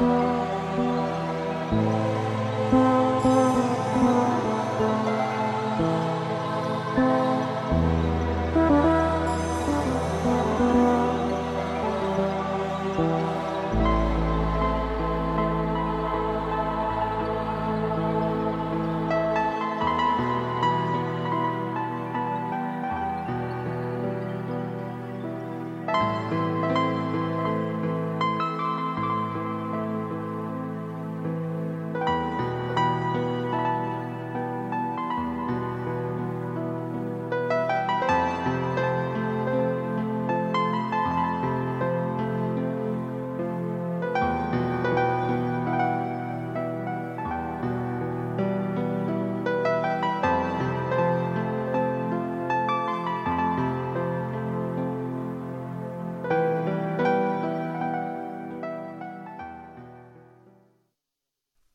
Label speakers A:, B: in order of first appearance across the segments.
A: Thank you.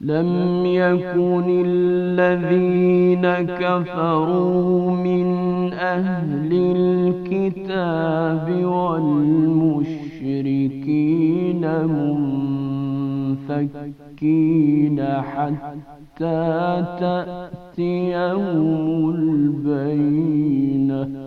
B: لم يكن
A: الذين كفروا من
B: أهل الكتاب والمشركين منفكين حتى تأتيهم البينة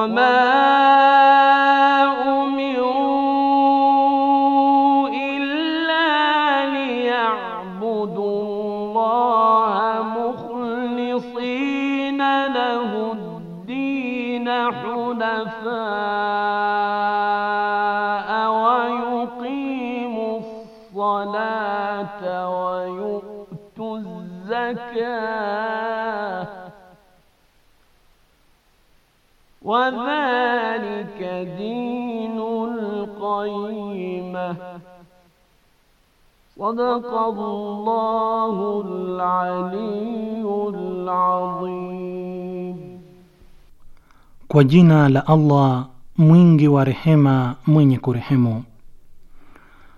B: وما
C: Kwa jina la Allah mwingi wa rehema mwenye kurehemu.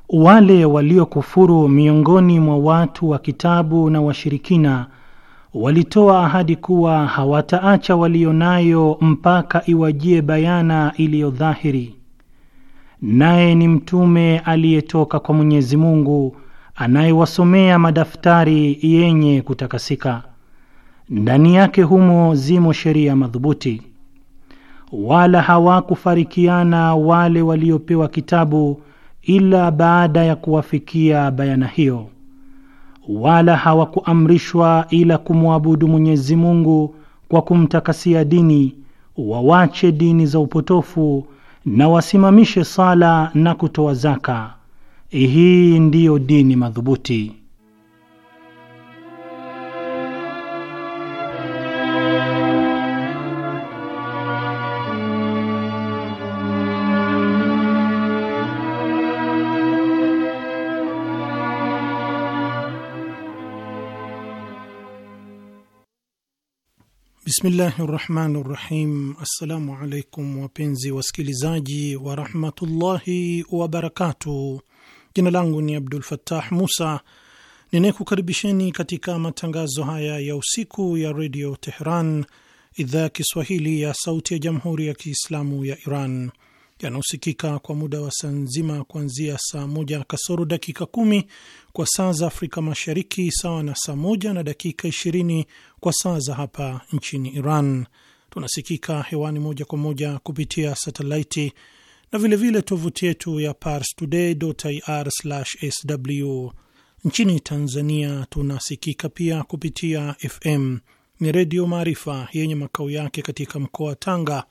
C: Wale waliokufuru miongoni mwa watu wa kitabu na washirikina walitoa ahadi kuwa hawataacha walionayo mpaka iwajie bayana iliyo dhahiri, naye ni mtume aliyetoka kwa Mwenyezi Mungu anayewasomea madaftari yenye kutakasika, ndani yake humo zimo sheria madhubuti. Wala hawakufarikiana wale waliopewa kitabu ila baada ya kuwafikia bayana hiyo, wala hawakuamrishwa ila kumwabudu Mwenyezi Mungu kwa kumtakasia dini, wawache dini za upotofu na wasimamishe sala na kutoa zaka hii ndiyo dini madhubuti. Bismillahi rahmani rahim. Assalamu alaikum wapenzi wasikilizaji warahmatullahi wabarakatuh. Jina langu ni Abdul fatah Musa, ninayekukaribisheni katika matangazo haya ya usiku ya Redio Teheran, idhaa ya Kiswahili ya sauti ya Jamhuri ya Kiislamu ya Iran, yanayosikika kwa muda wa saa nzima kuanzia saa moja kasoro dakika kumi kwa saa za Afrika Mashariki, sawa na saa moja na dakika ishirini kwa saa za hapa nchini Iran. Tunasikika hewani moja kwa moja kupitia satelaiti na vilevile tovuti yetu ya parstoday.ir/sw. Nchini Tanzania tunasikika pia kupitia FM ni Redio Maarifa yenye makao yake katika mkoa wa Tanga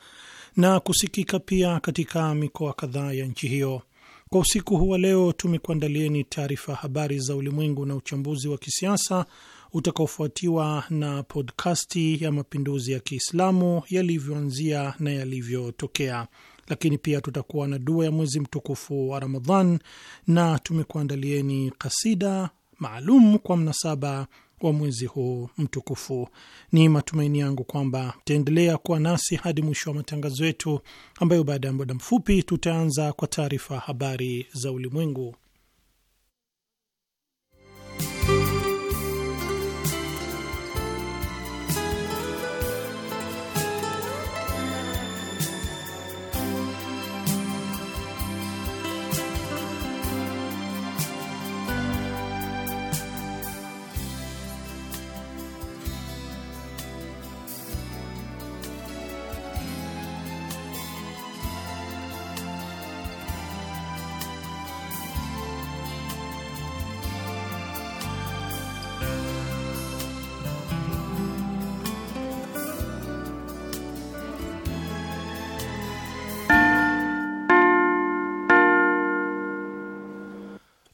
C: na kusikika pia katika mikoa kadhaa ya nchi hiyo. Kwa usiku huu wa leo tumekuandalieni taarifa habari za ulimwengu na uchambuzi wa kisiasa utakaofuatiwa na podkasti ya mapinduzi ya Kiislamu yalivyoanzia na yalivyotokea lakini pia tutakuwa na dua ya mwezi mtukufu wa Ramadhan na tumekuandalieni kasida maalum kwa mnasaba wa mwezi huu mtukufu. Ni matumaini yangu kwamba mtaendelea kuwa nasi hadi mwisho wa matangazo yetu, ambayo baada ya muda mfupi tutaanza kwa taarifa habari za ulimwengu.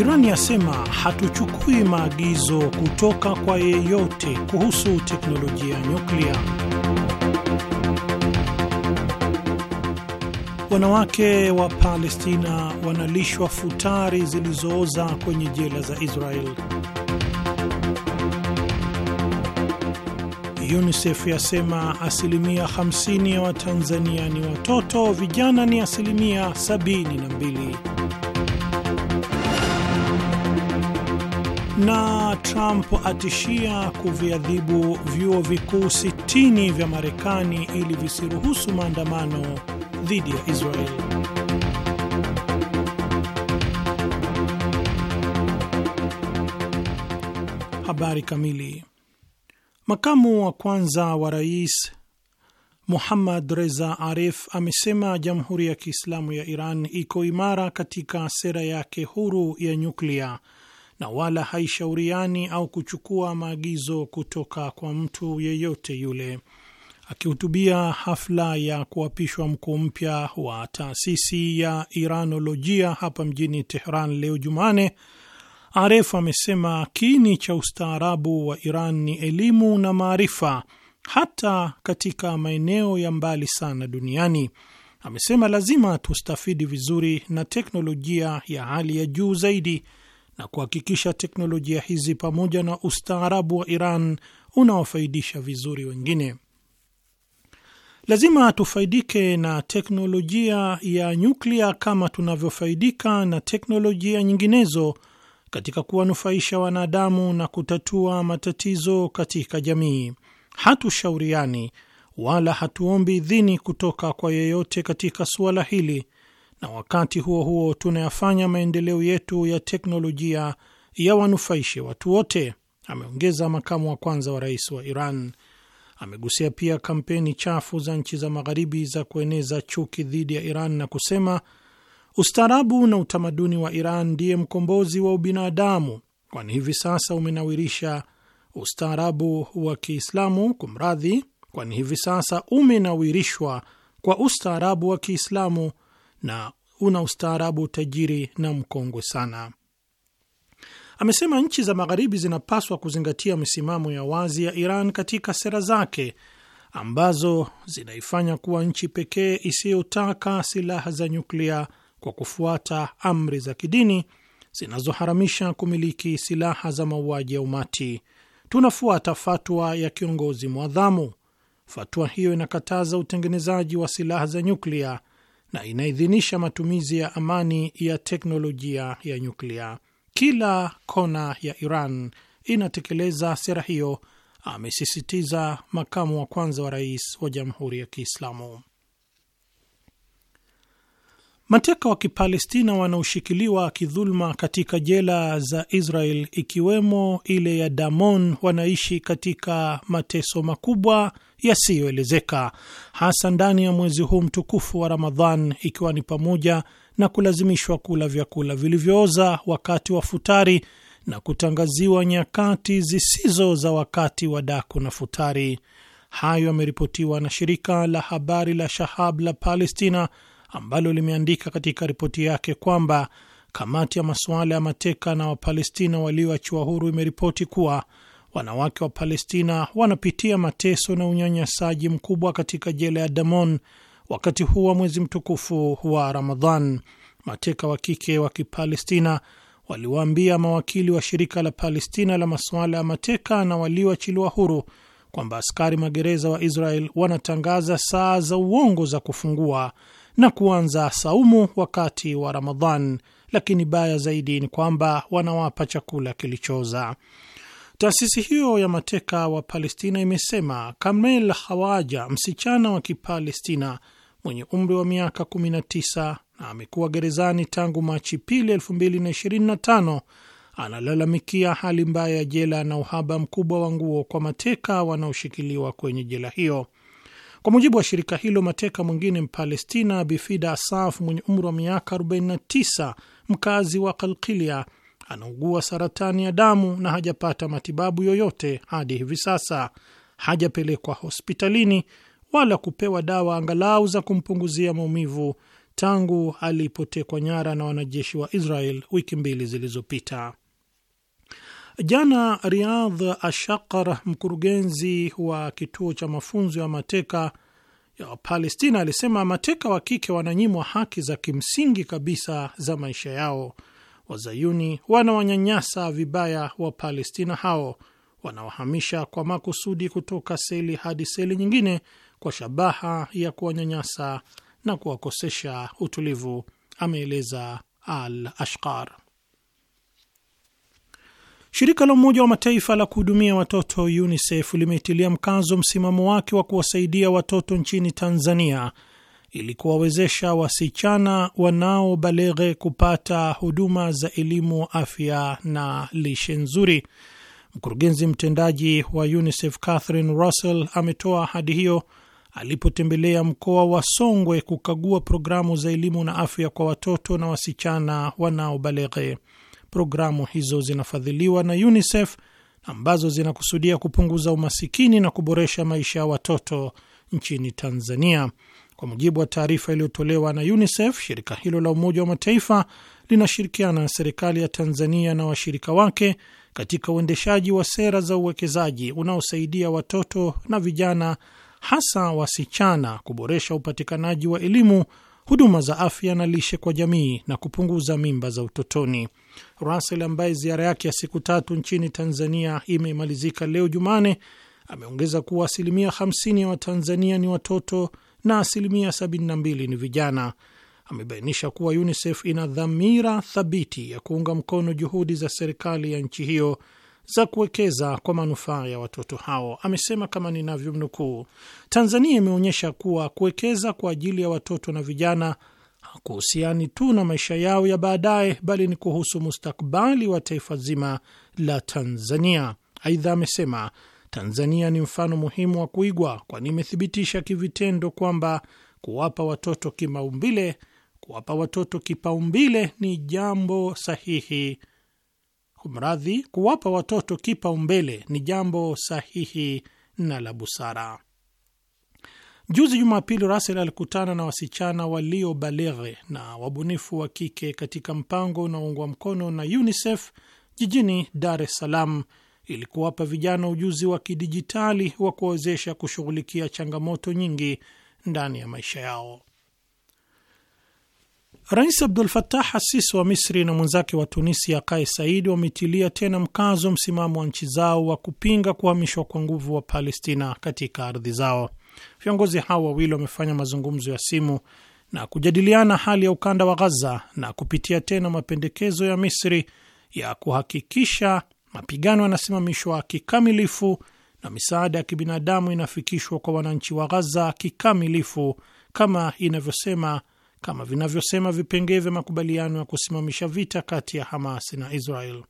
C: Irani yasema hatuchukui maagizo kutoka kwa yeyote kuhusu teknolojia ya nyuklia. Wanawake wa Palestina wanalishwa futari zilizooza kwenye jela za Israel. UNICEF yasema asilimia 50 ya Watanzania ni watoto, vijana ni asilimia 72. na Trump atishia kuviadhibu vyuo vikuu 60 vya Marekani ili visiruhusu maandamano dhidi
A: ya Israeli.
C: Habari kamili. Makamu wa kwanza wa rais Muhammad Reza Arif amesema Jamhuri ya Kiislamu ya Iran iko imara katika sera yake huru ya nyuklia na wala haishauriani au kuchukua maagizo kutoka kwa mtu yeyote yule. Akihutubia hafla ya kuapishwa mkuu mpya wa taasisi ya Iranolojia hapa mjini Tehran leo Jumane, Aref amesema kiini cha ustaarabu wa Iran ni elimu na maarifa, hata katika maeneo ya mbali sana duniani. Amesema lazima tustafidi vizuri na teknolojia ya hali ya juu zaidi na kuhakikisha teknolojia hizi pamoja na ustaarabu wa Iran unaofaidisha vizuri wengine. Lazima tufaidike na teknolojia ya nyuklia kama tunavyofaidika na teknolojia nyinginezo katika kuwanufaisha wanadamu na kutatua matatizo katika jamii. Hatushauriani wala hatuombi idhini kutoka kwa yeyote katika suala hili, na wakati huo huo tunayafanya maendeleo yetu ya teknolojia yawanufaishe watu wote, ameongeza makamu wa kwanza wa rais wa Iran. Amegusia pia kampeni chafu za nchi za Magharibi za kueneza chuki dhidi ya Iran na kusema ustaarabu na utamaduni wa Iran ndiye mkombozi wa ubinadamu, kwani hivi sasa umenawirisha ustaarabu wa Kiislamu. Kumradhi, kwani hivi sasa umenawirishwa kwa ustaarabu wa Kiislamu na una ustaarabu tajiri na mkongwe sana. Amesema nchi za Magharibi zinapaswa kuzingatia misimamo ya wazi ya Iran katika sera zake ambazo zinaifanya kuwa nchi pekee isiyotaka silaha za nyuklia kwa kufuata amri za kidini zinazoharamisha kumiliki silaha za mauaji ya umati. Tunafuata fatwa ya kiongozi mwadhamu. Fatwa hiyo inakataza utengenezaji wa silaha za nyuklia na inaidhinisha matumizi ya amani ya teknolojia ya nyuklia. Kila kona ya Iran inatekeleza sera hiyo, amesisitiza makamu wa kwanza wa rais wa Jamhuri ya Kiislamu. Mateka wa Kipalestina wanaoshikiliwa kidhuluma katika jela za Israel ikiwemo ile ya Damon wanaishi katika mateso makubwa yasiyoelezeka, hasa ndani ya mwezi huu mtukufu wa Ramadhan, ikiwa ni pamoja na kulazimishwa kula vyakula vilivyooza wakati wa futari na kutangaziwa nyakati zisizo za wakati wa daku na futari. Hayo yameripotiwa na shirika la habari la Shahab la Palestina ambalo limeandika katika ripoti yake kwamba kamati ya masuala ya mateka na Wapalestina walioachiwa huru imeripoti kuwa wanawake wa Palestina wanapitia mateso na unyanyasaji mkubwa katika jela ya Damon wakati huu wa mwezi mtukufu wa Ramadhan. Mateka wa kike wa Kipalestina waliwaambia mawakili wa shirika la Palestina la masuala ya mateka na walioachiliwa huru kwamba askari magereza wa Israel wanatangaza saa za uongo za kufungua na kuanza saumu wakati wa Ramadhan, lakini baya zaidi ni kwamba wanawapa chakula kilichooza. Taasisi hiyo ya mateka wa Palestina imesema Kamel Hawaja, msichana wa Kipalestina mwenye umri wa miaka 19 na amekuwa gerezani tangu Machi pili 2025 analalamikia hali mbaya ya jela na uhaba mkubwa wa nguo kwa mateka wanaoshikiliwa kwenye jela hiyo. Kwa mujibu wa shirika hilo, mateka mwingine Mpalestina Bifida Asaf mwenye umri wa miaka 49 mkazi wa Kalkilia anaugua saratani ya damu na hajapata matibabu yoyote hadi hivi sasa. Hajapelekwa hospitalini wala kupewa dawa angalau za kumpunguzia maumivu tangu alipotekwa nyara na wanajeshi wa Israel wiki mbili zilizopita. Jana riadh Ashakar, mkurugenzi wa kituo cha mafunzo ya mateka ya Wapalestina, alisema mateka wa kike wananyimwa haki za kimsingi kabisa za maisha yao Wazayuni wanawanyanyasa vibaya Wapalestina hao, wanawahamisha kwa makusudi kutoka seli hadi seli nyingine kwa shabaha ya kuwanyanyasa na kuwakosesha utulivu, ameeleza Al ashkar Shirika la Umoja wa Mataifa la kuhudumia watoto UNICEF limeitilia mkazo msimamo wake wa kuwasaidia watoto nchini Tanzania ili kuwawezesha wasichana wanaobaleghe kupata huduma za elimu, afya na lishe nzuri. Mkurugenzi mtendaji wa UNICEF Catherine Russell ametoa ahadi hiyo alipotembelea mkoa wa Songwe kukagua programu za elimu na afya kwa watoto na wasichana wanaobaleghe. Programu hizo zinafadhiliwa na UNICEF ambazo zinakusudia kupunguza umasikini na kuboresha maisha ya watoto nchini Tanzania. Kwa mujibu wa taarifa iliyotolewa na UNICEF, shirika hilo la Umoja wa Mataifa linashirikiana na serikali ya Tanzania na washirika wake katika uendeshaji wa sera za uwekezaji unaosaidia watoto na vijana, hasa wasichana, kuboresha upatikanaji wa elimu, huduma za afya na lishe kwa jamii na kupunguza mimba za utotoni. Russell ambaye ziara yake ya siku tatu nchini Tanzania imemalizika leo Jumane, ameongeza kuwa asilimia 50 ya Watanzania ni watoto na asilimia 72 ni vijana. Amebainisha kuwa UNICEF ina dhamira thabiti ya kuunga mkono juhudi za serikali ya nchi hiyo za kuwekeza kwa manufaa ya watoto hao. Amesema kama ninavyomnukuu, Tanzania imeonyesha kuwa kuwekeza kwa ajili ya watoto na vijana hakuhusiani tu na maisha yao ya baadaye, bali ni kuhusu mustakbali wa taifa zima la Tanzania. Aidha amesema Tanzania ni mfano muhimu wa kuigwa, kwani imethibitisha kivitendo kwamba kuwapa watoto kimaumbile, kuwapa watoto kipaumbile ni jambo sahihi. Kumradhi, kuwapa watoto kipaumbele ni jambo sahihi na la busara. Juzi Jumapili, Russell alikutana na wasichana balere na wabunifu wa kike katika mpango unaoungwa mkono na UNICEF jijini Dar es Salaam ili kuwapa vijana ujuzi wa kidijitali wa kuwawezesha kushughulikia changamoto nyingi ndani ya maisha yao. Rais Abdul fatah Assis wa Misri na mwenzake wa Tunisia Kais Saidi wametilia tena mkazo msimamo wa nchi zao wa kupinga kuhamishwa kwa nguvu wa Palestina katika ardhi zao. Viongozi hao wawili wamefanya mazungumzo ya simu na kujadiliana hali ya ukanda wa Ghaza na kupitia tena mapendekezo ya Misri ya kuhakikisha mapigano yanasimamishwa kikamilifu na misaada ya kibinadamu inafikishwa kwa wananchi wa Ghaza kikamilifu kama inavyosema kama vinavyosema vipengee vya makubaliano ya kusimamisha vita kati ya Hamas na Israel.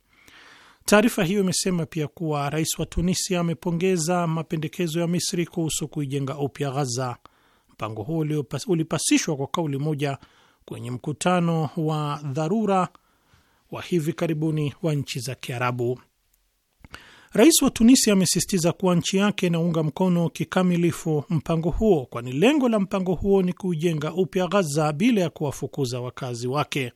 C: Taarifa hiyo imesema pia kuwa rais wa Tunisia amepongeza mapendekezo ya Misri kuhusu kuijenga upya Ghaza. Mpango huo ulipasishwa kwa kauli moja kwenye mkutano wa dharura wa hivi karibuni wa nchi za Kiarabu. Rais wa Tunisia amesisitiza kuwa nchi yake inaunga mkono kikamilifu mpango huo, kwani lengo la mpango huo ni kuijenga upya Ghaza bila ya kuwafukuza wakazi wake.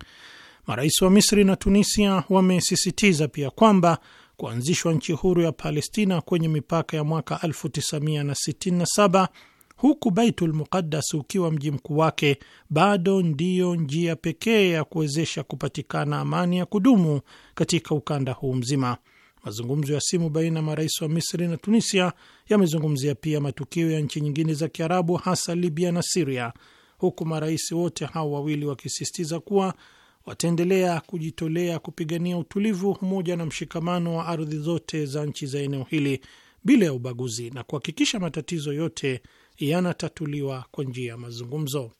C: Marais wa Misri na Tunisia wamesisitiza pia kwamba kuanzishwa nchi huru ya Palestina kwenye mipaka ya mwaka 1967 huku Baitul Muqaddas ukiwa mji mkuu wake bado ndiyo njia pekee ya kuwezesha kupatikana amani ya kudumu katika ukanda huu mzima. Mazungumzo ya simu baina ya marais wa Misri na Tunisia yamezungumzia pia matukio ya nchi nyingine za Kiarabu, hasa Libya na Siria, huku marais wote hao wawili wakisisitiza kuwa wataendelea kujitolea kupigania utulivu, umoja na mshikamano wa ardhi zote za nchi za eneo hili bila ya ubaguzi na kuhakikisha matatizo yote yanatatuliwa kwa njia ya mazungumzo.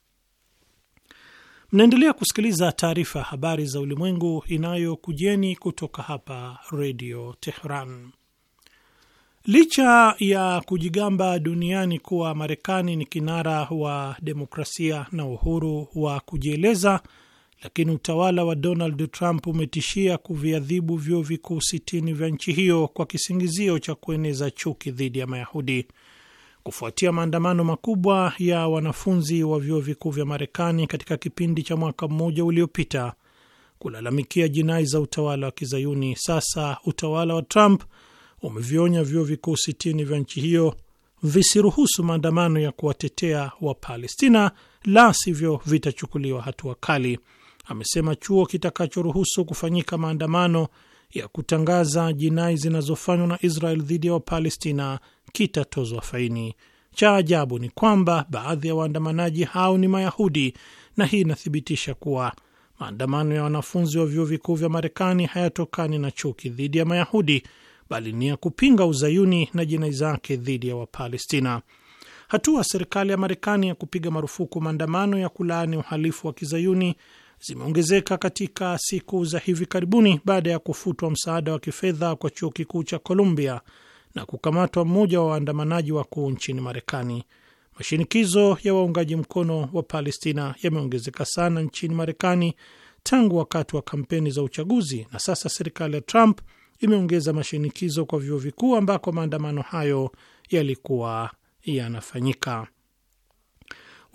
C: Mnaendelea kusikiliza taarifa ya habari za ulimwengu inayokujeni kutoka hapa redio Tehran. Licha ya kujigamba duniani kuwa Marekani ni kinara wa demokrasia na uhuru wa kujieleza, lakini utawala wa Donald Trump umetishia kuviadhibu vyuo vikuu sitini vya nchi hiyo kwa kisingizio cha kueneza chuki dhidi ya Mayahudi kufuatia maandamano makubwa ya wanafunzi wa vyuo vikuu vya Marekani katika kipindi cha mwaka mmoja uliopita kulalamikia jinai za utawala wa Kizayuni. Sasa utawala wa Trump umevionya vyuo vikuu sitini vya nchi hiyo visiruhusu maandamano ya kuwatetea Wapalestina, la sivyo vitachukuliwa hatua kali. Amesema chuo kitakachoruhusu kufanyika maandamano ya kutangaza jinai zinazofanywa na Israel dhidi ya Wapalestina kitatozwa faini. Cha ajabu ni kwamba baadhi ya waandamanaji hao ni Mayahudi, na hii inathibitisha kuwa maandamano ya wanafunzi wa vyuo vikuu vya Marekani hayatokani na chuki dhidi ya Mayahudi, bali ni ya kupinga uzayuni na jinai zake dhidi ya Wapalestina. Hatua serikali ya Marekani ya kupiga marufuku maandamano ya kulaani uhalifu wa kizayuni zimeongezeka katika siku za hivi karibuni baada ya kufutwa msaada wa kifedha kwa chuo kikuu cha Columbia na kukamatwa mmoja wa waandamanaji wakuu nchini Marekani. Mashinikizo ya waungaji mkono wa Palestina yameongezeka sana nchini Marekani tangu wakati wa kampeni za uchaguzi, na sasa serikali ya Trump imeongeza mashinikizo kwa vyuo vikuu ambako maandamano hayo yalikuwa yanafanyika.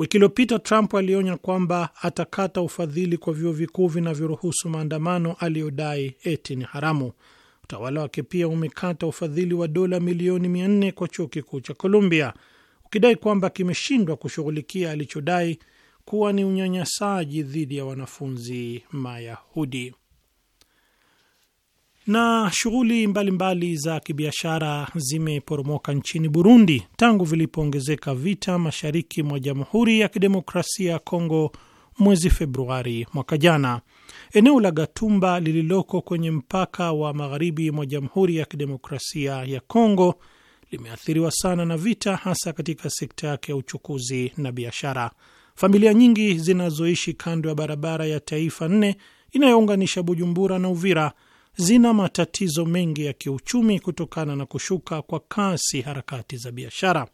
C: Wiki iliyopita Trump alionya kwamba atakata ufadhili kwa vyuo vikuu vinavyoruhusu maandamano aliyodai eti ni haramu. Utawala wake pia umekata ufadhili wa dola milioni nne kwa chuo kikuu cha Columbia ukidai kwamba kimeshindwa kushughulikia alichodai kuwa ni unyanyasaji dhidi ya wanafunzi Mayahudi. Na shughuli mbalimbali za kibiashara zimeporomoka nchini Burundi tangu vilipoongezeka vita mashariki mwa Jamhuri ya Kidemokrasia ya Kongo mwezi Februari mwaka jana. Eneo la Gatumba lililoko kwenye mpaka wa magharibi mwa Jamhuri ya Kidemokrasia ya Kongo limeathiriwa sana na vita, hasa katika sekta yake ya uchukuzi na biashara. Familia nyingi zinazoishi kando ya barabara ya taifa nne inayounganisha Bujumbura na Uvira zina matatizo mengi ya kiuchumi kutokana na kushuka kwa kasi harakati za biashara.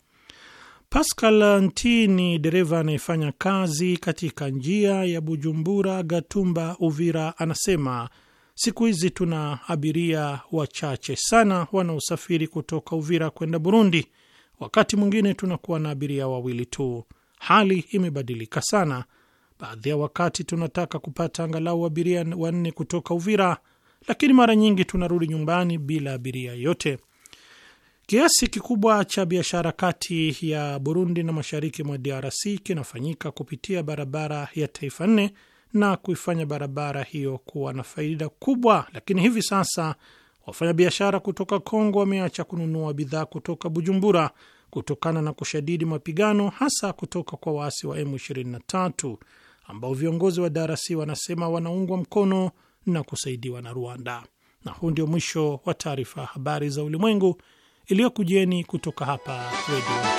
C: Pascal Ntini, dereva anayefanya kazi katika njia ya Bujumbura Gatumba Uvira, anasema siku hizi tuna abiria wachache sana wanaosafiri kutoka Uvira kwenda Burundi. Wakati mwingine tunakuwa na abiria wawili tu. Hali imebadilika sana. Baadhi ya wakati tunataka kupata angalau abiria wanne kutoka Uvira lakini mara nyingi tunarudi nyumbani bila abiria yote. Kiasi kikubwa cha biashara kati ya Burundi na mashariki mwa DRC kinafanyika kupitia barabara ya taifa nne na kuifanya barabara hiyo kuwa na faida kubwa, lakini hivi sasa wafanyabiashara kutoka Kongo wameacha kununua bidhaa kutoka Bujumbura kutokana na kushadidi mapigano hasa kutoka kwa waasi wa M23 ambao viongozi wa DRC wanasema wanaungwa mkono na kusaidiwa na Rwanda. Na huu ndio mwisho wa taarifa ya habari za ulimwengu iliyokujeni kutoka hapa Redio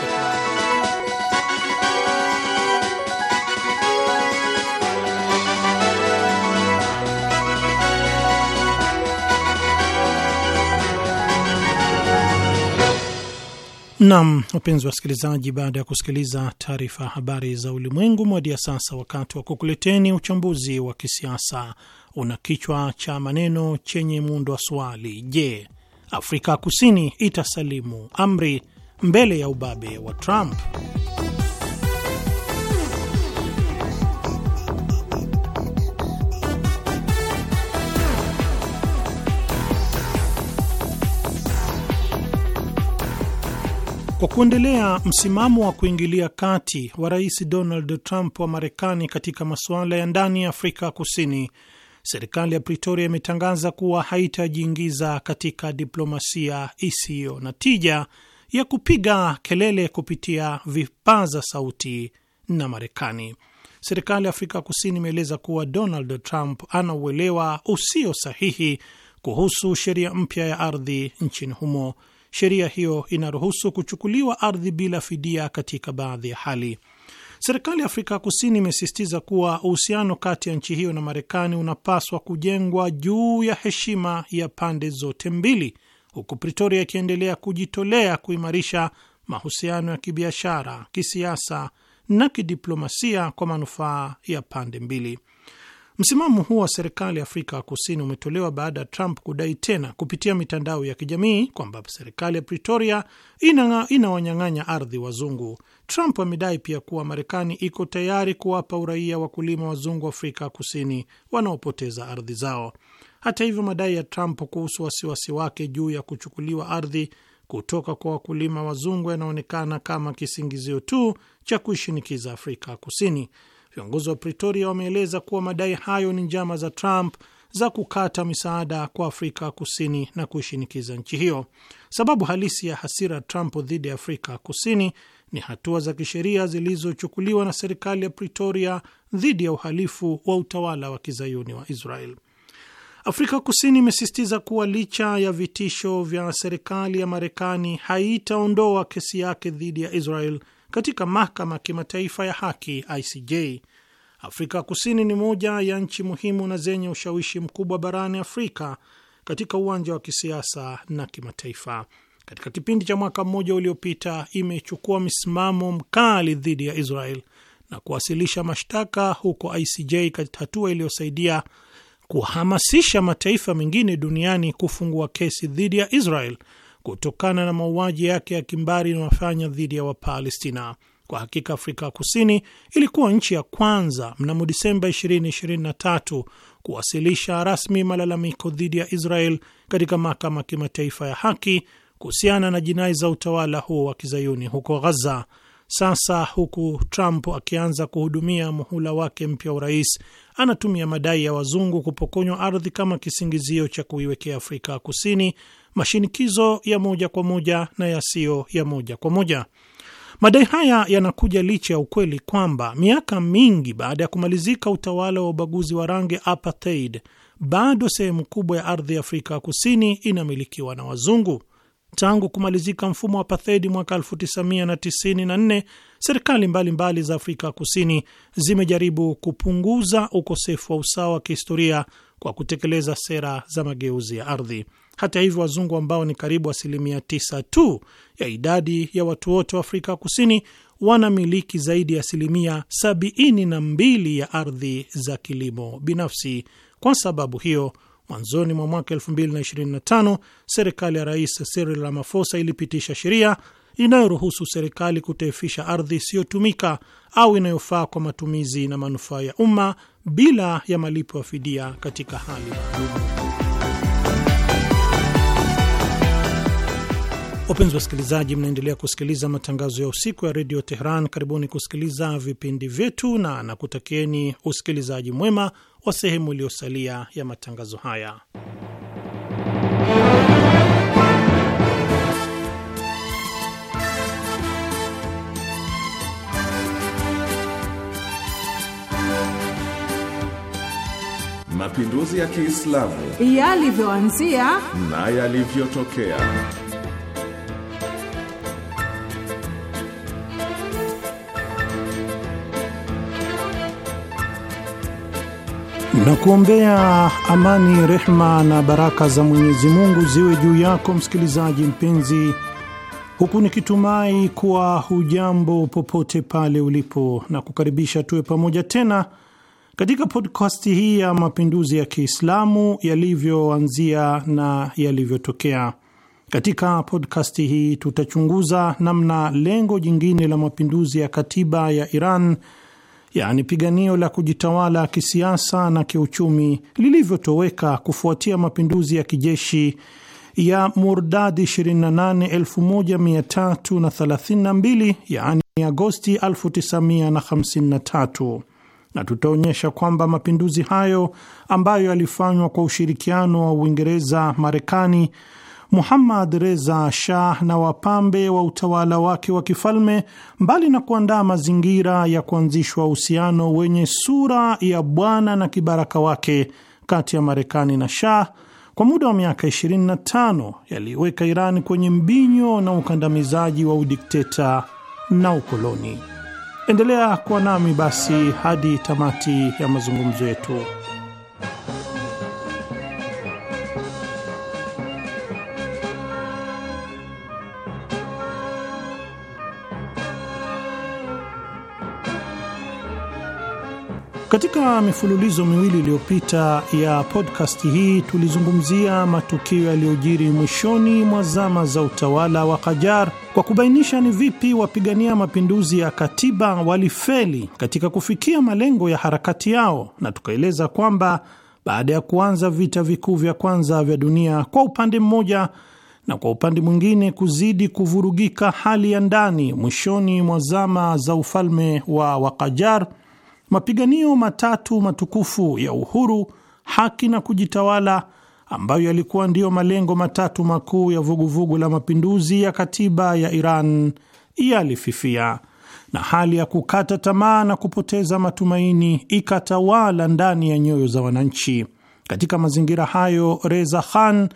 C: Nam, wapenzi wa wasikilizaji, baada ya kusikiliza taarifa ya habari za ulimwengu, mwadia sasa wakati wa kukuleteni uchambuzi wa kisiasa una kichwa cha maneno chenye muundo wa swali: Je, Afrika Kusini itasalimu amri mbele ya ubabe wa Trump? Kwa kuendelea msimamo wa kuingilia kati wa Rais Donald Trump wa Marekani katika masuala ya ndani ya Afrika Kusini serikali ya Pretoria imetangaza kuwa haitajiingiza katika diplomasia isiyo na tija ya kupiga kelele kupitia vipaza sauti na Marekani. Serikali ya Afrika Kusini imeeleza kuwa Donald Trump ana uelewa usio sahihi kuhusu sheria mpya ya ardhi nchini humo. Sheria hiyo inaruhusu kuchukuliwa ardhi bila fidia katika baadhi ya hali. Serikali ya Afrika Kusini imesisitiza kuwa uhusiano kati ya nchi hiyo na Marekani unapaswa kujengwa juu ya heshima ya pande zote mbili, huku Pretoria ikiendelea kujitolea kuimarisha mahusiano ya kibiashara, kisiasa na kidiplomasia kwa manufaa ya pande mbili. Msimamo huo wa serikali ya Afrika ya Kusini umetolewa baada ya Trump kudai tena kupitia mitandao ya kijamii kwamba serikali ya Pretoria inawanyang'anya ina ardhi wazungu. Trump amedai pia kuwa Marekani iko tayari kuwapa uraia wakulima wazungu Afrika ya Kusini wanaopoteza ardhi zao. Hata hivyo, madai ya Trump kuhusu wasiwasi wake juu ya kuchukuliwa ardhi kutoka kwa wakulima wazungu yanaonekana kama kisingizio tu cha kuishinikiza Afrika Kusini. Viongozi wa Pretoria wameeleza kuwa madai hayo ni njama za Trump za kukata misaada kwa Afrika Kusini na kuishinikiza nchi hiyo. Sababu halisi ya hasira Trump dhidi ya Afrika Kusini ni hatua za kisheria zilizochukuliwa na serikali ya Pretoria dhidi ya uhalifu wa utawala wa kizayuni wa Israel. Afrika Kusini imesisitiza kuwa licha ya vitisho vya serikali ya Marekani haitaondoa kesi yake dhidi ya Israel katika mahakama ya kimataifa ya haki ICJ. Afrika Kusini ni moja ya nchi muhimu na zenye ushawishi mkubwa barani Afrika katika uwanja wa kisiasa na kimataifa. Katika kipindi cha mwaka mmoja uliopita, imechukua misimamo mkali dhidi ya Israel na kuwasilisha mashtaka huko ICJ, katika hatua iliyosaidia kuhamasisha mataifa mengine duniani kufungua kesi dhidi ya Israel kutokana na mauaji yake ya kimbari inayofanya dhidi ya Wapalestina. Kwa hakika Afrika Kusini ilikuwa nchi ya kwanza mnamo Disemba 2023 kuwasilisha rasmi malalamiko dhidi ya Israel katika mahakama ya kimataifa ya haki kuhusiana na jinai za utawala huo wa kizayuni huko Ghaza. Sasa huku Trump akianza kuhudumia muhula wake mpya urais, anatumia madai ya wazungu kupokonywa ardhi kama kisingizio cha kuiwekea Afrika Kusini mashinikizo ya moja kwa moja na yasiyo ya moja kwa moja. Madai haya yanakuja licha ya ukweli kwamba miaka mingi baada ya kumalizika utawala wa ubaguzi wa rangi apartheid, bado sehemu kubwa ya ardhi ya Afrika Kusini inamilikiwa na wazungu. Tangu kumalizika mfumo wa pathedi mwaka 1994 serikali mbalimbali za Afrika Kusini zimejaribu kupunguza ukosefu wa usawa wa kihistoria kwa kutekeleza sera za mageuzi ya ardhi. Hata hivyo, wazungu ambao ni karibu asilimia 9 tu ya idadi ya watu wote wa Afrika Kusini wanamiliki zaidi ya asilimia 72 ya ardhi za kilimo binafsi. Kwa sababu hiyo Mwanzoni mwa mwaka 2025 serikali ya Rais Cyril Ramaphosa ilipitisha sheria inayoruhusu serikali kutaifisha ardhi isiyotumika au inayofaa kwa matumizi na manufaa ya umma bila ya malipo ya fidia katika hali maalum. Wapenzi wasikilizaji, mnaendelea kusikiliza matangazo ya usiku ya redio Tehran. Karibuni kusikiliza vipindi vyetu na nakutakieni usikilizaji mwema wa sehemu iliyosalia ya matangazo haya.
D: Mapinduzi ya Kiislamu
C: yalivyoanzia
D: na yalivyotokea
C: na kuombea amani, rehma na baraka za Mwenyezi Mungu ziwe juu yako msikilizaji mpenzi, huku nikitumai kuwa hujambo popote pale ulipo, na kukaribisha tuwe pamoja tena katika podkasti hii ya mapinduzi ya Kiislamu yalivyoanzia na yalivyotokea. Katika podkasti hii tutachunguza namna lengo jingine la mapinduzi ya katiba ya Iran yaani piganio la kujitawala kisiasa na kiuchumi lilivyotoweka kufuatia mapinduzi ya kijeshi ya Murdadi 28132 yaani Agosti 1953 na tutaonyesha kwamba mapinduzi hayo ambayo yalifanywa kwa ushirikiano wa Uingereza, Marekani Muhammad Reza Shah na wapambe wa utawala wake wa kifalme, mbali na kuandaa mazingira ya kuanzishwa uhusiano wenye sura ya bwana na kibaraka wake kati ya Marekani na Shah kwa muda wa miaka 25 yaliiweka Iran kwenye mbinyo na ukandamizaji wa udikteta na ukoloni. Endelea kuwa nami basi hadi tamati ya mazungumzo yetu. Katika mifululizo miwili iliyopita ya podcast hii tulizungumzia matukio yaliyojiri mwishoni mwa zama za utawala wa kajar kwa kubainisha ni vipi wapigania mapinduzi ya katiba walifeli katika kufikia malengo ya harakati yao, na tukaeleza kwamba baada ya kuanza vita vikuu vya kwanza vya dunia kwa upande mmoja na kwa upande mwingine kuzidi kuvurugika hali ya ndani mwishoni mwa zama za ufalme wa wakajar Mapiganio matatu matukufu ya uhuru, haki na kujitawala, ambayo yalikuwa ndiyo malengo matatu makuu ya vuguvugu vugu la mapinduzi ya katiba ya Iran yalififia na hali ya kukata tamaa na kupoteza matumaini ikatawala ndani ya nyoyo za wananchi. Katika mazingira hayo, Reza Khan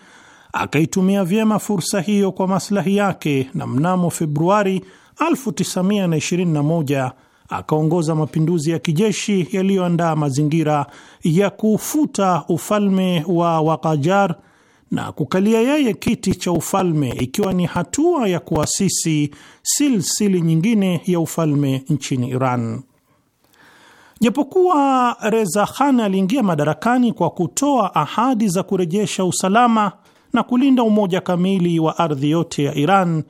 C: akaitumia vyema fursa hiyo kwa maslahi yake, na mnamo Februari 1921 akaongoza mapinduzi ya kijeshi yaliyoandaa mazingira ya kufuta ufalme wa Wakajar na kukalia yeye kiti cha ufalme ikiwa ni hatua ya kuasisi silsili nyingine ya ufalme nchini Iran. Japokuwa Reza Khan aliingia madarakani kwa kutoa ahadi za kurejesha usalama na kulinda umoja kamili wa ardhi yote ya Iran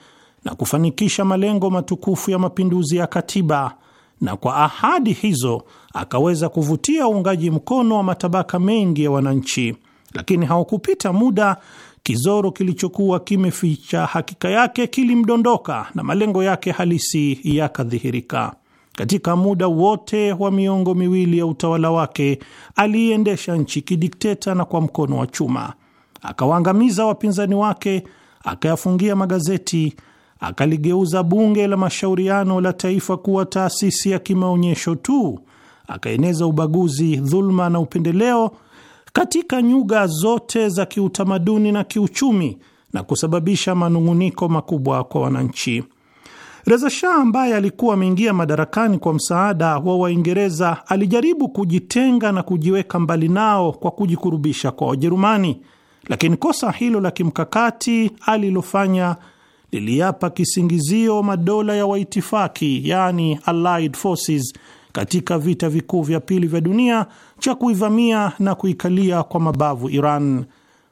C: na kufanikisha malengo matukufu ya mapinduzi ya katiba, na kwa ahadi hizo akaweza kuvutia uungaji mkono wa matabaka mengi ya wananchi, lakini haukupita muda, kizoro kilichokuwa kimeficha hakika yake kilimdondoka na malengo yake halisi yakadhihirika. Katika muda wote wa miongo miwili ya utawala wake aliiendesha nchi kidikteta na kwa mkono wa chuma, akawaangamiza wapinzani wake, akayafungia magazeti akaligeuza bunge la mashauriano la taifa kuwa taasisi ya kimaonyesho tu, akaeneza ubaguzi, dhuluma na upendeleo katika nyuga zote za kiutamaduni na kiuchumi na kusababisha manung'uniko makubwa kwa wananchi. Reza Shah ambaye alikuwa ameingia madarakani kwa msaada wa Waingereza alijaribu kujitenga na kujiweka mbali nao kwa kujikurubisha kwa Wajerumani, lakini kosa hilo la kimkakati alilofanya liliapa kisingizio madola ya waitifaki, yani Allied Forces, katika vita vikuu vya pili vya dunia cha kuivamia na kuikalia kwa mabavu Iran.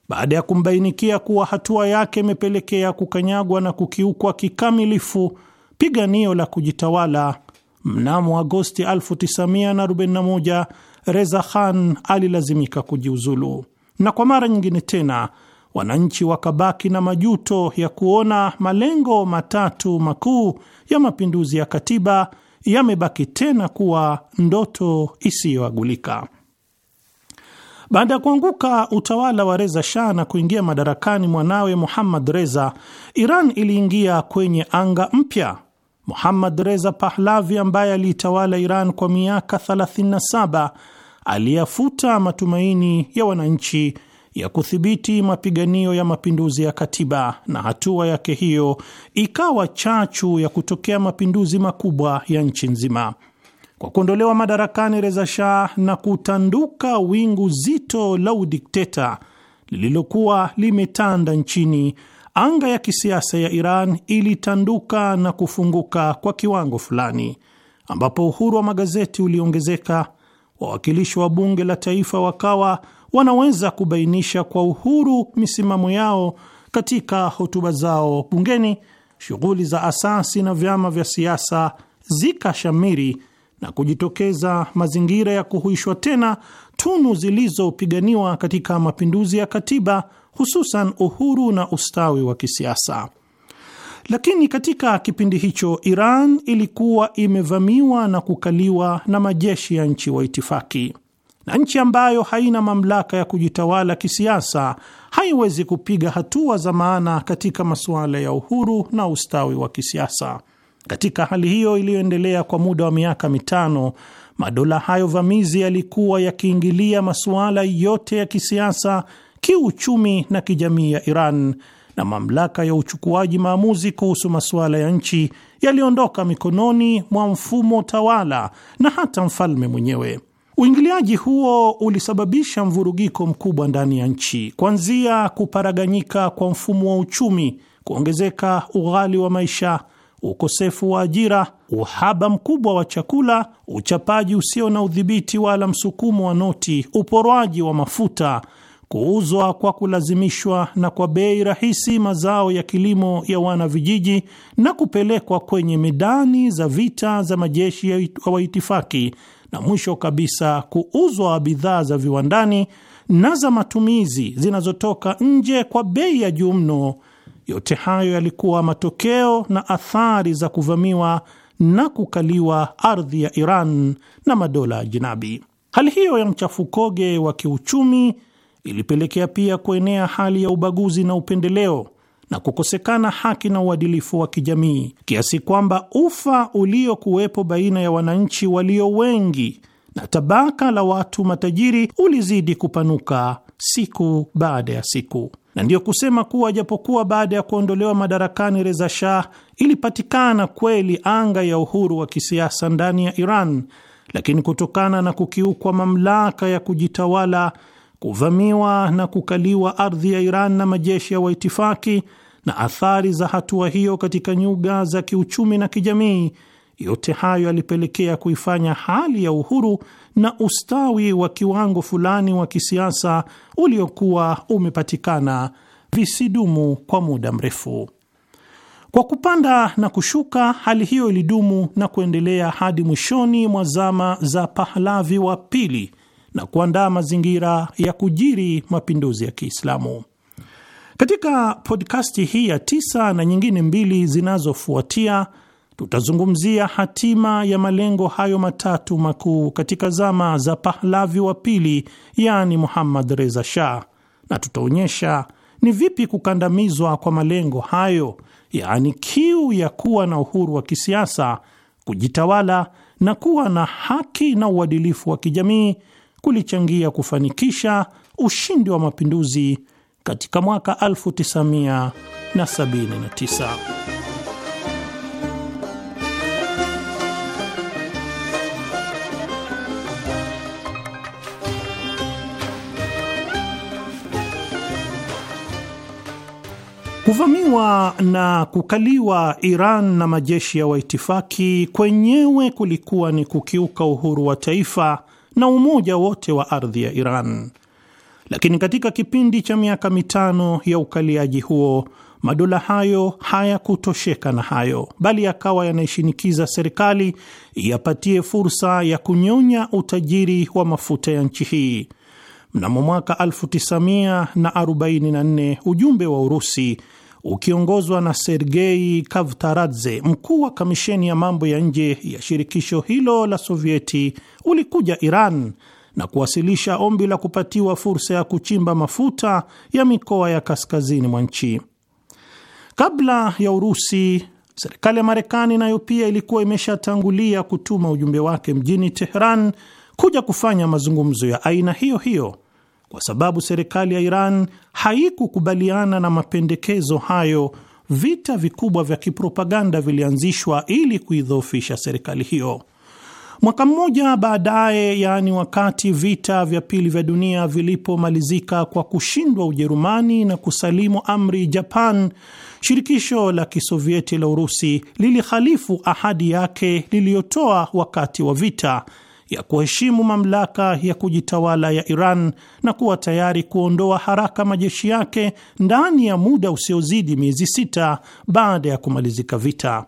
C: Baada ya kumbainikia kuwa hatua yake imepelekea kukanyagwa na kukiukwa kikamilifu piganio la kujitawala, mnamo Agosti 1941 Reza Khan alilazimika kujiuzulu, na kwa mara nyingine tena wananchi wakabaki na majuto ya kuona malengo matatu makuu ya mapinduzi ya katiba yamebaki tena kuwa ndoto isiyoagulika. Baada ya kuanguka utawala wa Reza Shah na kuingia madarakani mwanawe Muhammad Reza, Iran iliingia kwenye anga mpya. Muhammad Reza Pahlavi ambaye aliitawala Iran kwa miaka 37 aliyafuta matumaini ya wananchi ya kudhibiti mapiganio ya mapinduzi ya katiba, na hatua yake hiyo ikawa chachu ya kutokea mapinduzi makubwa ya nchi nzima. Kwa kuondolewa madarakani Reza Shah na kutanduka wingu zito la udikteta lililokuwa limetanda nchini, anga ya kisiasa ya Iran ilitanduka na kufunguka kwa kiwango fulani, ambapo uhuru wa magazeti uliongezeka, wawakilishi wa bunge la taifa wakawa wanaweza kubainisha kwa uhuru misimamo yao katika hotuba zao bungeni, shughuli za asasi na vyama vya siasa zikashamiri na kujitokeza mazingira ya kuhuishwa tena tunu zilizopiganiwa katika mapinduzi ya katiba, hususan uhuru na ustawi wa kisiasa. Lakini katika kipindi hicho Iran ilikuwa imevamiwa na kukaliwa na majeshi ya nchi wa itifaki na nchi ambayo haina mamlaka ya kujitawala kisiasa haiwezi kupiga hatua za maana katika masuala ya uhuru na ustawi wa kisiasa. Katika hali hiyo iliyoendelea kwa muda wa miaka mitano, madola hayo vamizi yalikuwa yakiingilia masuala yote ya kisiasa, kiuchumi na kijamii ya Iran, na mamlaka ya uchukuaji maamuzi kuhusu masuala ya nchi yaliondoka mikononi mwa mfumo tawala na hata mfalme mwenyewe. Uingiliaji huo ulisababisha mvurugiko mkubwa ndani ya nchi, kuanzia kuparaganyika kwa mfumo wa uchumi, kuongezeka ughali wa maisha, ukosefu wa ajira, uhaba mkubwa wa chakula, uchapaji usio na udhibiti wala msukumo wa noti, uporwaji wa mafuta, kuuzwa kwa kulazimishwa na kwa bei rahisi mazao ya kilimo ya wanavijiji na kupelekwa kwenye medani za vita za majeshi ya waitifaki na mwisho kabisa kuuzwa bidhaa za viwandani na za matumizi zinazotoka nje kwa bei ya juu mno. Yote hayo yalikuwa matokeo na athari za kuvamiwa na kukaliwa ardhi ya Iran na madola ya jinabi. Hali hiyo ya mchafukoge wa kiuchumi ilipelekea pia kuenea hali ya ubaguzi na upendeleo na kukosekana haki na uadilifu wa kijamii kiasi kwamba ufa uliokuwepo baina ya wananchi walio wengi na tabaka la watu matajiri ulizidi kupanuka siku baada ya siku, na ndiyo kusema kuwa japokuwa baada ya kuondolewa madarakani Reza Shah ilipatikana kweli anga ya uhuru wa kisiasa ndani ya Iran, lakini kutokana na kukiukwa mamlaka ya kujitawala kuvamiwa na kukaliwa ardhi ya Iran na majeshi ya waitifaki na athari za hatua hiyo katika nyuga za kiuchumi na kijamii, yote hayo yalipelekea kuifanya hali ya uhuru na ustawi wa kiwango fulani wa kisiasa uliokuwa umepatikana visidumu kwa muda mrefu. Kwa kupanda na kushuka, hali hiyo ilidumu na kuendelea hadi mwishoni mwa zama za Pahlavi wa pili na kuandaa mazingira ya kujiri mapinduzi ya Kiislamu. Katika podkasti hii ya tisa na nyingine mbili zinazofuatia tutazungumzia hatima ya malengo hayo matatu makuu katika zama za Pahlavi wa pili, yaani Muhammad Reza Shah, na tutaonyesha ni vipi kukandamizwa kwa malengo hayo, yaani kiu ya kuwa na uhuru wa kisiasa, kujitawala na kuwa na haki na uadilifu wa kijamii kulichangia kufanikisha ushindi wa mapinduzi katika mwaka 1979. Kuvamiwa na kukaliwa Iran na majeshi ya waitifaki kwenyewe kulikuwa ni kukiuka uhuru wa taifa na umoja wote wa ardhi ya Iran. Lakini katika kipindi cha miaka mitano ya ukaliaji huo, madola hayo hayakutosheka na hayo, bali yakawa yanaishinikiza serikali iyapatie fursa ya kunyonya utajiri wa mafuta ya nchi hii. Mnamo mwaka 1944 ujumbe wa Urusi ukiongozwa na Sergei Kavtaradze, mkuu wa kamisheni ya mambo ya nje ya shirikisho hilo la Sovieti, ulikuja Iran na kuwasilisha ombi la kupatiwa fursa ya kuchimba mafuta ya mikoa ya kaskazini mwa nchi. Kabla ya Urusi, serikali ya Marekani nayo pia ilikuwa imeshatangulia kutuma ujumbe wake mjini Teheran kuja kufanya mazungumzo ya aina hiyo hiyo kwa sababu serikali ya Iran haikukubaliana na mapendekezo hayo. Vita vikubwa vya kipropaganda vilianzishwa ili kuidhoofisha serikali hiyo. Mwaka mmoja baadaye, yaani wakati vita vya pili vya dunia vilipomalizika kwa kushindwa Ujerumani na kusalimu amri Japan, shirikisho la kisovieti la Urusi lilihalifu ahadi yake liliyotoa wakati wa vita ya kuheshimu mamlaka ya kujitawala ya Iran na kuwa tayari kuondoa haraka majeshi yake ndani ya muda usiozidi miezi sita baada ya kumalizika vita.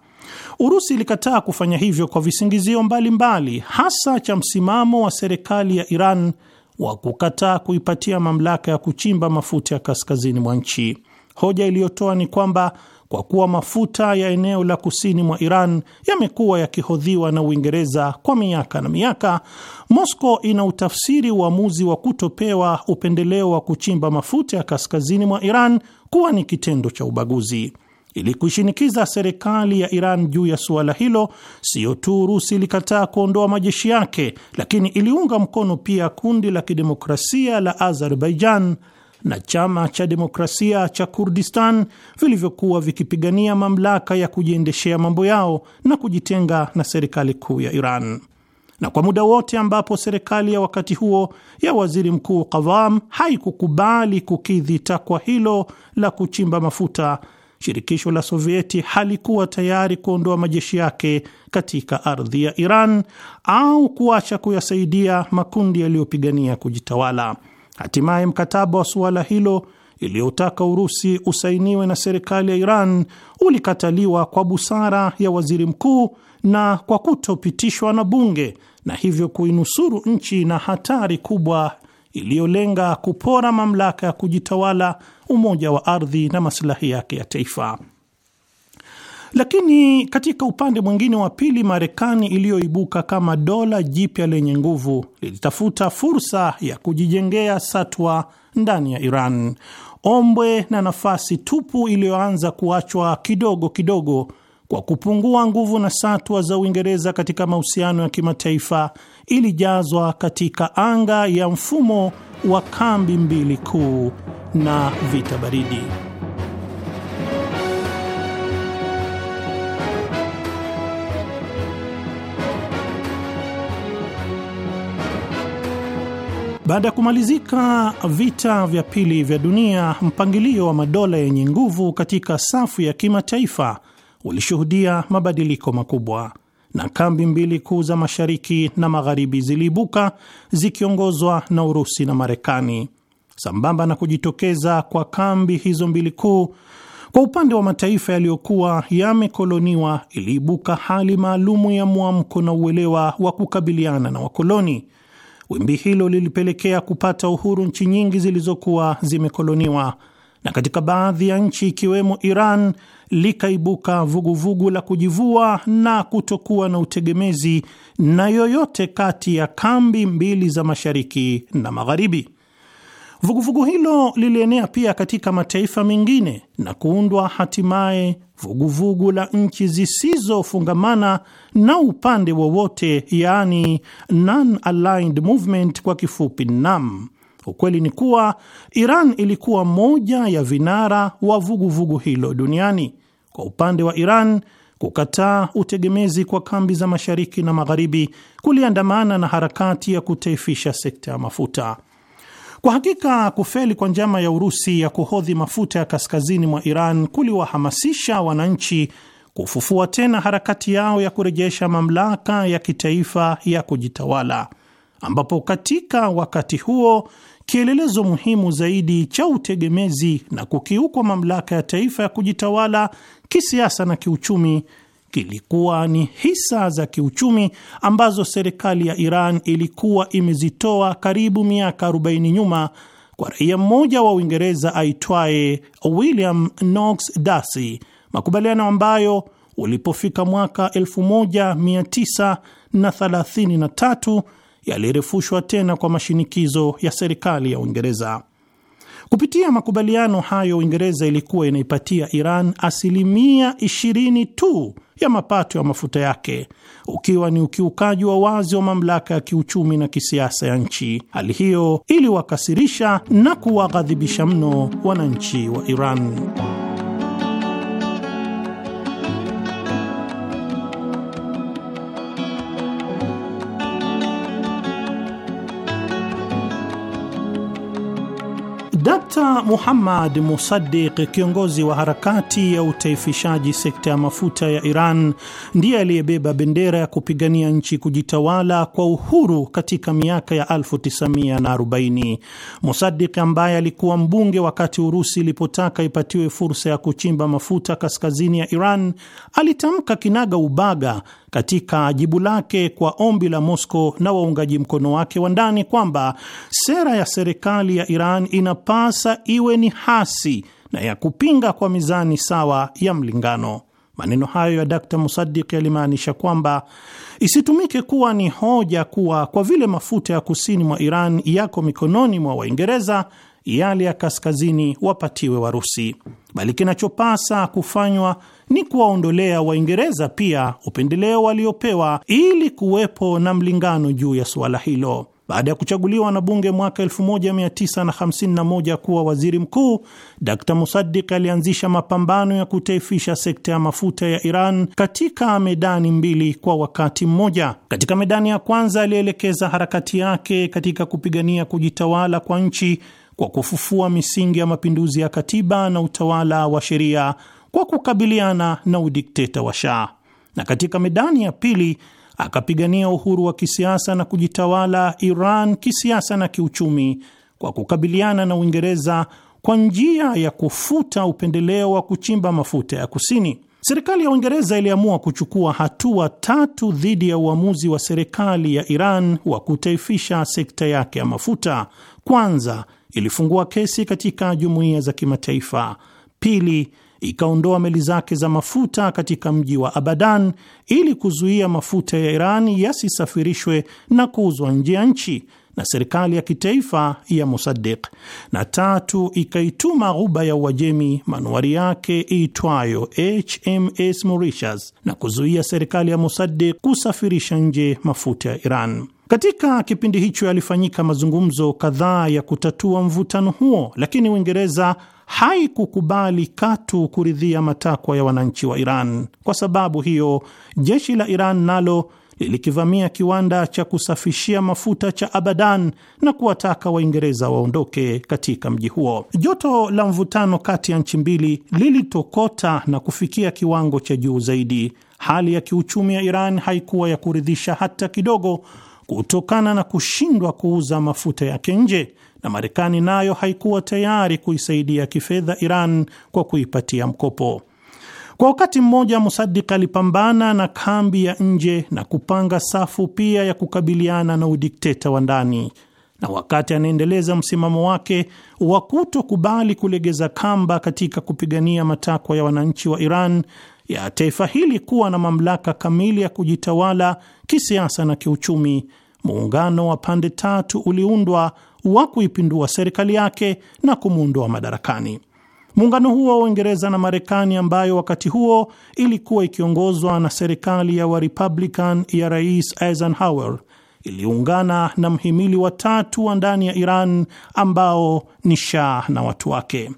C: Urusi ilikataa kufanya hivyo kwa visingizio mbalimbali mbali, hasa cha msimamo wa serikali ya Iran wa kukataa kuipatia mamlaka ya kuchimba mafuta ya kaskazini mwa nchi. Hoja iliyotoa ni kwamba kwa kuwa mafuta ya eneo la kusini mwa Iran yamekuwa yakihodhiwa na Uingereza kwa miaka na miaka, Moscow ina utafsiri uamuzi wa, wa kutopewa upendeleo wa kuchimba mafuta ya kaskazini mwa Iran kuwa ni kitendo cha ubaguzi. Ili kuishinikiza serikali ya Iran juu ya suala hilo, siyo tu Urusi ilikataa kuondoa majeshi yake, lakini iliunga mkono pia kundi la kidemokrasia la Azerbaijan na chama cha demokrasia cha Kurdistan vilivyokuwa vikipigania mamlaka ya kujiendeshea mambo yao na kujitenga na serikali kuu ya Iran. Na kwa muda wote ambapo serikali ya wakati huo ya waziri mkuu Kavam haikukubali kukidhi takwa hilo la kuchimba mafuta, shirikisho la Sovieti halikuwa tayari kuondoa majeshi yake katika ardhi ya Iran au kuacha kuyasaidia makundi yaliyopigania kujitawala. Hatimaye mkataba wa suala hilo iliyotaka Urusi usainiwe na serikali ya Iran ulikataliwa kwa busara ya waziri mkuu na kwa kutopitishwa na bunge, na hivyo kuinusuru nchi na hatari kubwa iliyolenga kupora mamlaka ya kujitawala, umoja wa ardhi na masilahi yake ya taifa. Lakini katika upande mwingine wa pili, Marekani iliyoibuka kama dola jipya lenye nguvu lilitafuta fursa ya kujijengea satwa ndani ya Iran, ombwe na nafasi tupu iliyoanza kuachwa kidogo kidogo kwa kupungua nguvu na satwa za Uingereza katika mahusiano ya kimataifa ilijazwa katika anga ya mfumo wa kambi mbili kuu na vita baridi. Baada ya kumalizika vita vya pili vya dunia, mpangilio wa madola yenye nguvu katika safu ya kimataifa ulishuhudia mabadiliko makubwa, na kambi mbili kuu za mashariki na magharibi ziliibuka zikiongozwa na Urusi na Marekani. Sambamba na kujitokeza kwa kambi hizo mbili kuu, kwa upande wa mataifa yaliyokuwa yamekoloniwa, iliibuka hali maalumu ya mwamko na uelewa wa kukabiliana na wakoloni Wimbi hilo lilipelekea kupata uhuru nchi nyingi zilizokuwa zimekoloniwa, na katika baadhi ya nchi ikiwemo Iran likaibuka vuguvugu vugu la kujivua na kutokuwa na utegemezi na yoyote kati ya kambi mbili za mashariki na magharibi. Vuguvugu hilo lilienea pia katika mataifa mengine na kuundwa hatimaye vuguvugu la nchi zisizofungamana na upande wowote, yaani non-aligned movement kwa kifupi NAM. Ukweli ni kuwa Iran ilikuwa moja ya vinara wa vuguvugu vugu hilo duniani. Kwa upande wa Iran, kukataa utegemezi kwa kambi za mashariki na magharibi kuliandamana na harakati ya kutaifisha sekta ya mafuta. Kwa hakika kufeli kwa njama ya Urusi ya kuhodhi mafuta ya kaskazini mwa Iran kuliwahamasisha wananchi kufufua tena harakati yao ya kurejesha mamlaka ya kitaifa ya kujitawala, ambapo katika wakati huo kielelezo muhimu zaidi cha utegemezi na kukiukwa mamlaka ya taifa ya kujitawala kisiasa na kiuchumi kilikuwa ni hisa za kiuchumi ambazo serikali ya Iran ilikuwa imezitoa karibu miaka 40 nyuma kwa raia mmoja wa Uingereza aitwaye William Knox Darcy, makubaliano ambayo ulipofika mwaka 1933 yalirefushwa tena kwa mashinikizo ya serikali ya Uingereza. Kupitia makubaliano hayo, Uingereza ilikuwa inaipatia Iran asilimia 20 tu ya mapato ya mafuta yake ukiwa ni ukiukaji wa wazi wa mamlaka ya kiuchumi na kisiasa ya nchi. Hali hiyo iliwakasirisha na kuwaghadhibisha mno wananchi wa Iran. Dr Muhammad Musaddiq, kiongozi wa harakati ya utaifishaji sekta ya mafuta ya Iran, ndiye aliyebeba bendera ya kupigania nchi kujitawala kwa uhuru katika miaka ya 1940. Musaddiq ambaye alikuwa mbunge wakati Urusi ilipotaka ipatiwe fursa ya kuchimba mafuta kaskazini ya Iran, alitamka kinaga ubaga katika jibu lake kwa ombi la Moscow na waungaji mkono wake wa ndani kwamba sera ya serikali ya Iran inapasa iwe ni hasi na ya kupinga kwa mizani sawa ya mlingano. Maneno hayo ya Dkt. Musaddiq yalimaanisha kwamba isitumike kuwa ni hoja kuwa kwa vile mafuta ya kusini mwa Iran yako mikononi mwa Waingereza, yale ya kaskazini wapatiwe Warusi, bali kinachopasa kufanywa ni kuwaondolea Waingereza pia upendeleo waliopewa ili kuwepo na mlingano juu ya suala hilo. Baada ya kuchaguliwa na bunge mwaka 1951 kuwa waziri mkuu, Dr musadik alianzisha mapambano ya kutaifisha sekta ya mafuta ya Iran katika medani mbili kwa wakati mmoja. Katika medani ya kwanza, alielekeza harakati yake katika kupigania kujitawala kwa nchi kwa kufufua misingi ya mapinduzi ya katiba na utawala wa sheria kwa kukabiliana na udikteta wa Shah, na katika medani ya pili akapigania uhuru wa kisiasa na kujitawala Iran kisiasa na kiuchumi kwa kukabiliana na Uingereza kwa njia ya kufuta upendeleo wa kuchimba mafuta ya kusini. Serikali ya Uingereza iliamua kuchukua hatua tatu dhidi ya uamuzi wa serikali ya Iran wa kutaifisha sekta yake ya mafuta. Kwanza, ilifungua kesi katika jumuiya za kimataifa. Pili, ikaondoa meli zake za mafuta katika mji wa Abadan ili kuzuia mafuta ya Iran yasisafirishwe na kuuzwa nje ya nchi na serikali ya kitaifa ya Mosaddiq, na tatu ikaituma ghuba ya Uajemi manuari yake iitwayo HMS Mauritius na kuzuia serikali ya Mosaddiq kusafirisha nje mafuta ya Iran. Katika kipindi hicho yalifanyika mazungumzo kadhaa ya kutatua mvutano huo, lakini Uingereza haikukubali katu kuridhia matakwa ya wananchi wa Iran. Kwa sababu hiyo, jeshi la Iran nalo lilikivamia kiwanda cha kusafishia mafuta cha Abadan na kuwataka Waingereza waondoke katika mji huo. Joto la mvutano kati ya nchi mbili lilitokota na kufikia kiwango cha juu zaidi. Hali ya kiuchumi ya Iran haikuwa ya kuridhisha hata kidogo, kutokana na kushindwa kuuza mafuta yake nje na Marekani nayo haikuwa tayari kuisaidia kifedha Iran kwa kuipatia mkopo. Kwa wakati mmoja, Musadik alipambana na kambi ya nje na kupanga safu pia ya kukabiliana na udikteta wa ndani, na wakati anaendeleza msimamo wake wa kutokubali kulegeza kamba katika kupigania matakwa ya wananchi wa Iran ya taifa hili kuwa na mamlaka kamili ya kujitawala kisiasa na kiuchumi muungano wa pande tatu uliundwa wa kuipindua serikali yake na kumwondoa madarakani. Muungano huo wa Uingereza na Marekani, ambayo wakati huo ilikuwa ikiongozwa na serikali ya Warepublican ya Rais Eisenhower, iliungana na mhimili wa tatu wa ndani ya Iran ambao ni Shah na watu wake.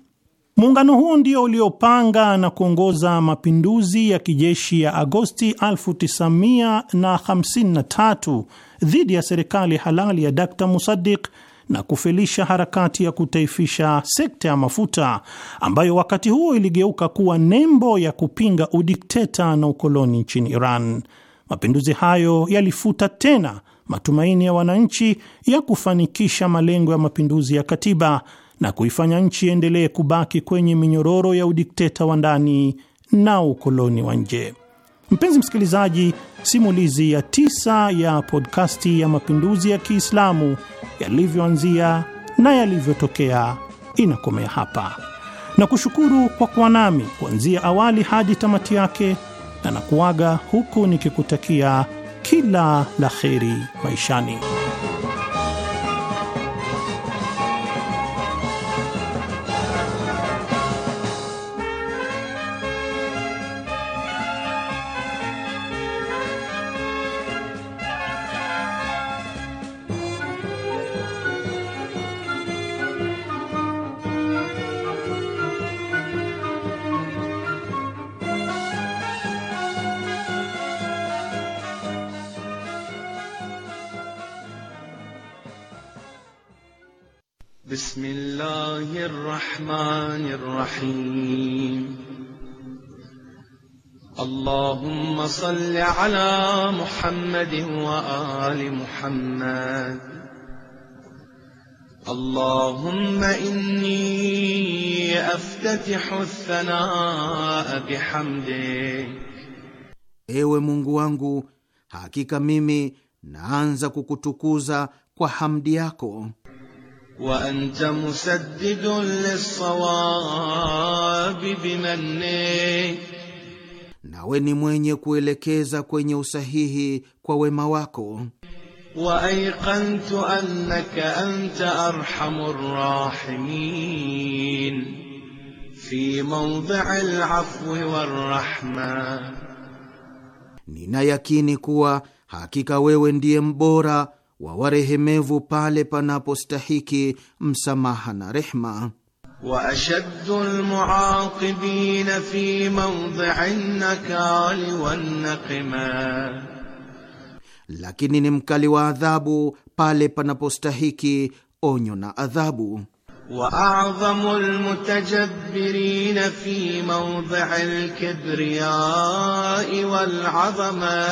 C: Muungano huo ndio uliopanga na kuongoza mapinduzi ya kijeshi ya Agosti 1953 dhidi ya serikali halali ya Dr. Musaddiq na kufelisha harakati ya kutaifisha sekta ya mafuta ambayo wakati huo iligeuka kuwa nembo ya kupinga udikteta na ukoloni nchini Iran. Mapinduzi hayo yalifuta tena matumaini ya wananchi ya kufanikisha malengo ya mapinduzi ya katiba na kuifanya nchi iendelee kubaki kwenye minyororo ya udikteta wa ndani na ukoloni wa nje. Mpenzi msikilizaji, simulizi ya tisa ya podkasti ya mapinduzi ya Kiislamu yalivyoanzia na yalivyotokea inakomea hapa, na kushukuru kwa kuwa nami kuanzia awali hadi tamati yake, na nakuaga huku nikikutakia kila la kheri maishani.
E: الرحمن الرحيم اللهم صل على محمد وآل محمد اللهم إني
D: أفتتح الثناء بحمدك Ewe Mungu wangu, hakika mimi naanza kukutukuza kwa hamdi yako.
E: وأنت مسدد
D: للصواب بمنك nawe ni mwenye kuelekeza kwenye usahihi kwa wema wako.
E: wa waaiqantu annaka anta arhamur rahimin fi mawdii
D: alafwi warrahma, nina yakini kuwa hakika wewe ndiye mbora wawarehemevu pale panapostahiki msamaha na rehma.
E: وأشد المعاقبين في موضع النكال والنقما
D: lakini ni mkali wa adhabu pale panapostahiki onyo na adhabu.
E: waadhamu lmutajabirina fi maudhi lkibriyai waladhama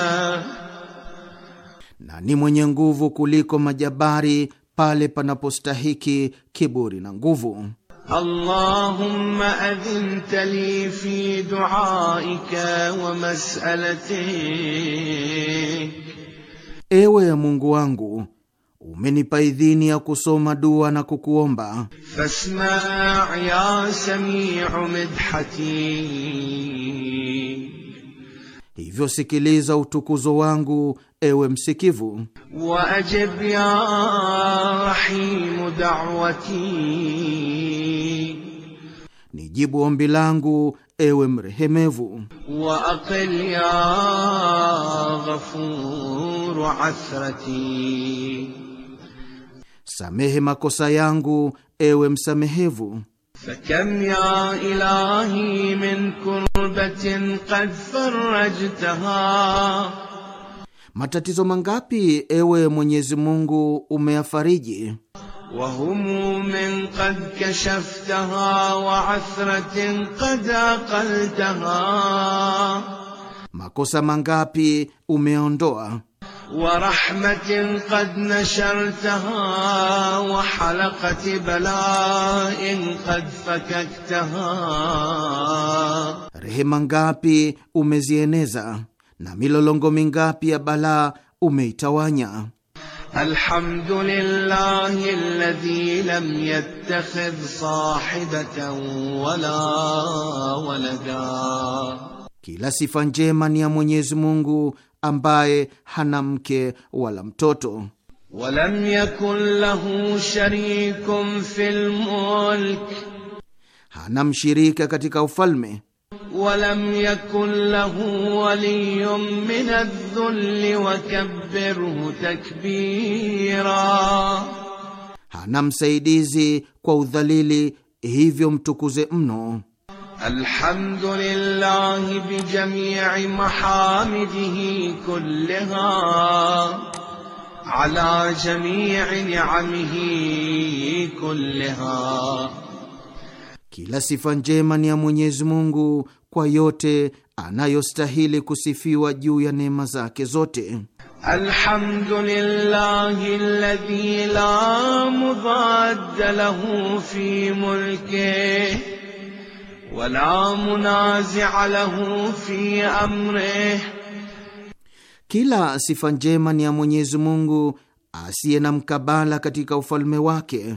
D: na ni mwenye nguvu kuliko majabari pale panapostahiki kiburi na nguvu.
E: Allahumma adhinta li fi duaika wa masalati,
D: ewe Mungu wangu umenipa idhini ya kusoma dua na kukuomba.
E: Fasma ya samiu midhati,
D: hivyo sikiliza utukuzo wangu ewe msikivu. Waajib ya rahimu da'wati, nijibu ombi langu ewe mrehemevu.
E: Wa aqil ya ghafuru athrati,
D: samehe makosa yangu ewe msamehevu.
E: Fakam ya ilahi min kurbatin qad farajtaha
D: Matatizo mangapi, ewe Mwenyezi Mungu, umeyafariji.
E: Wahumu min qad kashaftaha wa athratin
D: makosa mangapi umeondoa.
E: Wa rahmatin qad nashartaha wa bala'in fakaktaha,
D: rehema ngapi umezieneza na milolongo mingapi ya balaa umeitawanya.
E: Alhamdulillahi alladhi lam yattakhidh sahibatan wala walada,
D: kila sifa njema ni ya Mwenyezi Mungu ambaye hana mke wala mtoto.
E: Walam yakun lahu sharikun fil mulk,
D: hana mshirika katika ufalme
E: ولم يكن له ولي من الذل وكبره
D: تكبيرا هنا مسيديزي كو ذليلي هيفيو متكوزي امنو الحمد لله
E: بجميع محامده كلها على
D: جميع نعمه كلها Kila sifa njema ni ya Mwenyezi Mungu kwa yote anayostahili kusifiwa juu ya neema zake zote.
E: Alhamdulillahi alladhi la mudadda lahu fi wa la munazia lahu fi
D: kila sifa njema ni ya Mwenyezi Mungu asiye na mkabala katika ufalme wake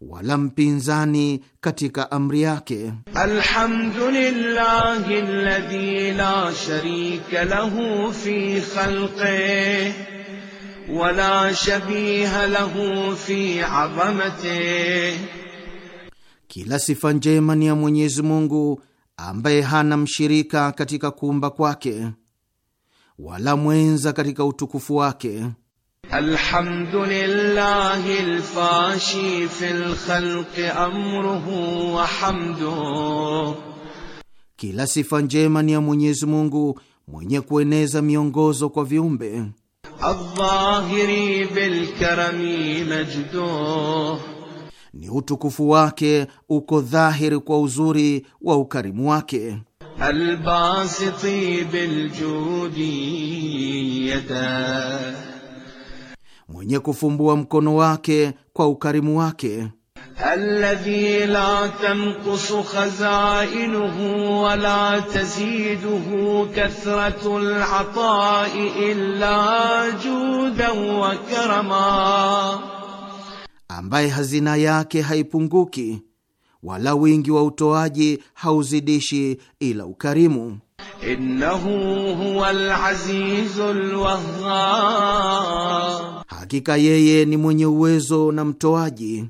D: wala mpinzani katika amri yake.
E: Alhamdulillahi alladhi la sharika lahu fi wala shabiha lahu fi
D: kila sifa njema ni ya Mwenyezi Mungu ambaye hana mshirika katika kuumba kwake wala mwenza katika utukufu wake.
E: الحمد لله الفاشي في الخلق amruhu wa hamduh,
D: kila sifa njema ni ya Mwenyezi Mungu mwenye kueneza miongozo kwa viumbe.
E: Adh-dhahiri bil-karami
D: majduh, ni utukufu wake uko dhahiri kwa uzuri wa ukarimu wake.
E: Al-basiti bil-judi yadah
D: mwenye kufumbua mkono wake kwa ukarimu wake
E: alladhi la tanqusu khazainuhu wa la taziduhu kathratu al-atai illa judan wa
D: karama, ambaye hazina yake haipunguki wala wingi wa utoaji hauzidishi ila ukarimu.
E: Innahu huwa al-azizul wahhab
D: Hakika yeye ni mwenye uwezo na mtoaji.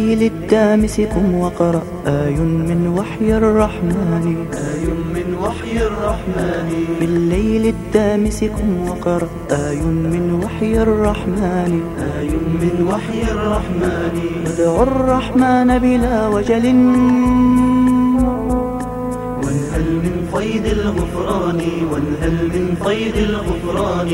F: الليل الدامس قم وقرأ آي من وحي الرحمن آي من وحي الرحمن بالليل الدامس قم وقرأ آي من وحي الرحمن آي من وحي الرحمن ادعو الرحمن بلا وجل وانهل من قيد الغفران وانهل من قيد الغفران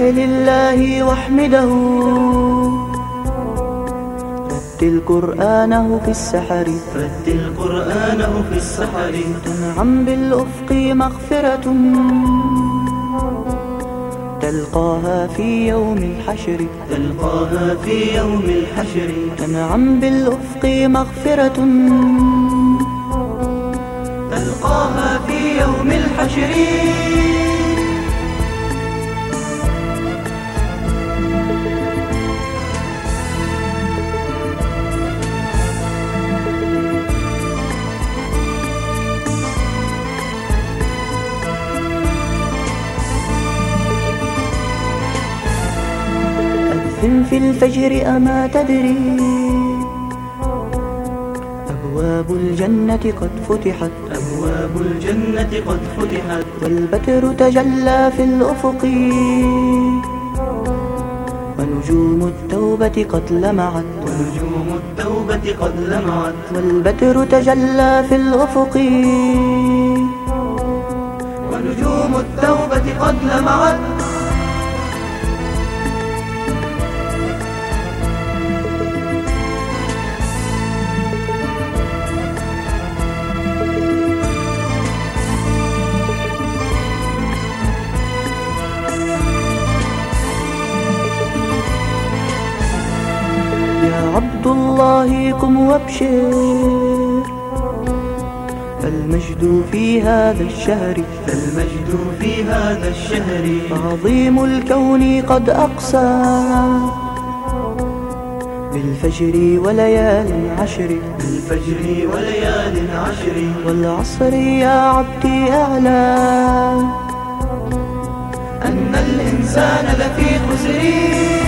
F: السبح لله واحمده رتل قرآنه في السحر رتل قرآنه في السحر تنعم بالأفق مغفرة تلقاها في يوم الحشر تلقاها في يوم الحشر تنعم بالأفق مغفرة تلقاها في يوم الحشر في الفجر أما تدري أبواب الجنة قد فتحت أبواب الجنة قد فتحت والبتر تجلى في الأفق ونجوم التوبة قد لمعت ونجوم التوبة قد لمعت والبتر تجلى في الأفق ونجوم التوبة قد لمعت الله قم وابشر فالمجد في هذا الشهر فالمجد في هذا الشهر عظيم الكون قد أقسى بالفجر وليال عشر بالفجر وليال عشر والعصر يا عبدي أعلى أن الإنسان لفي خسر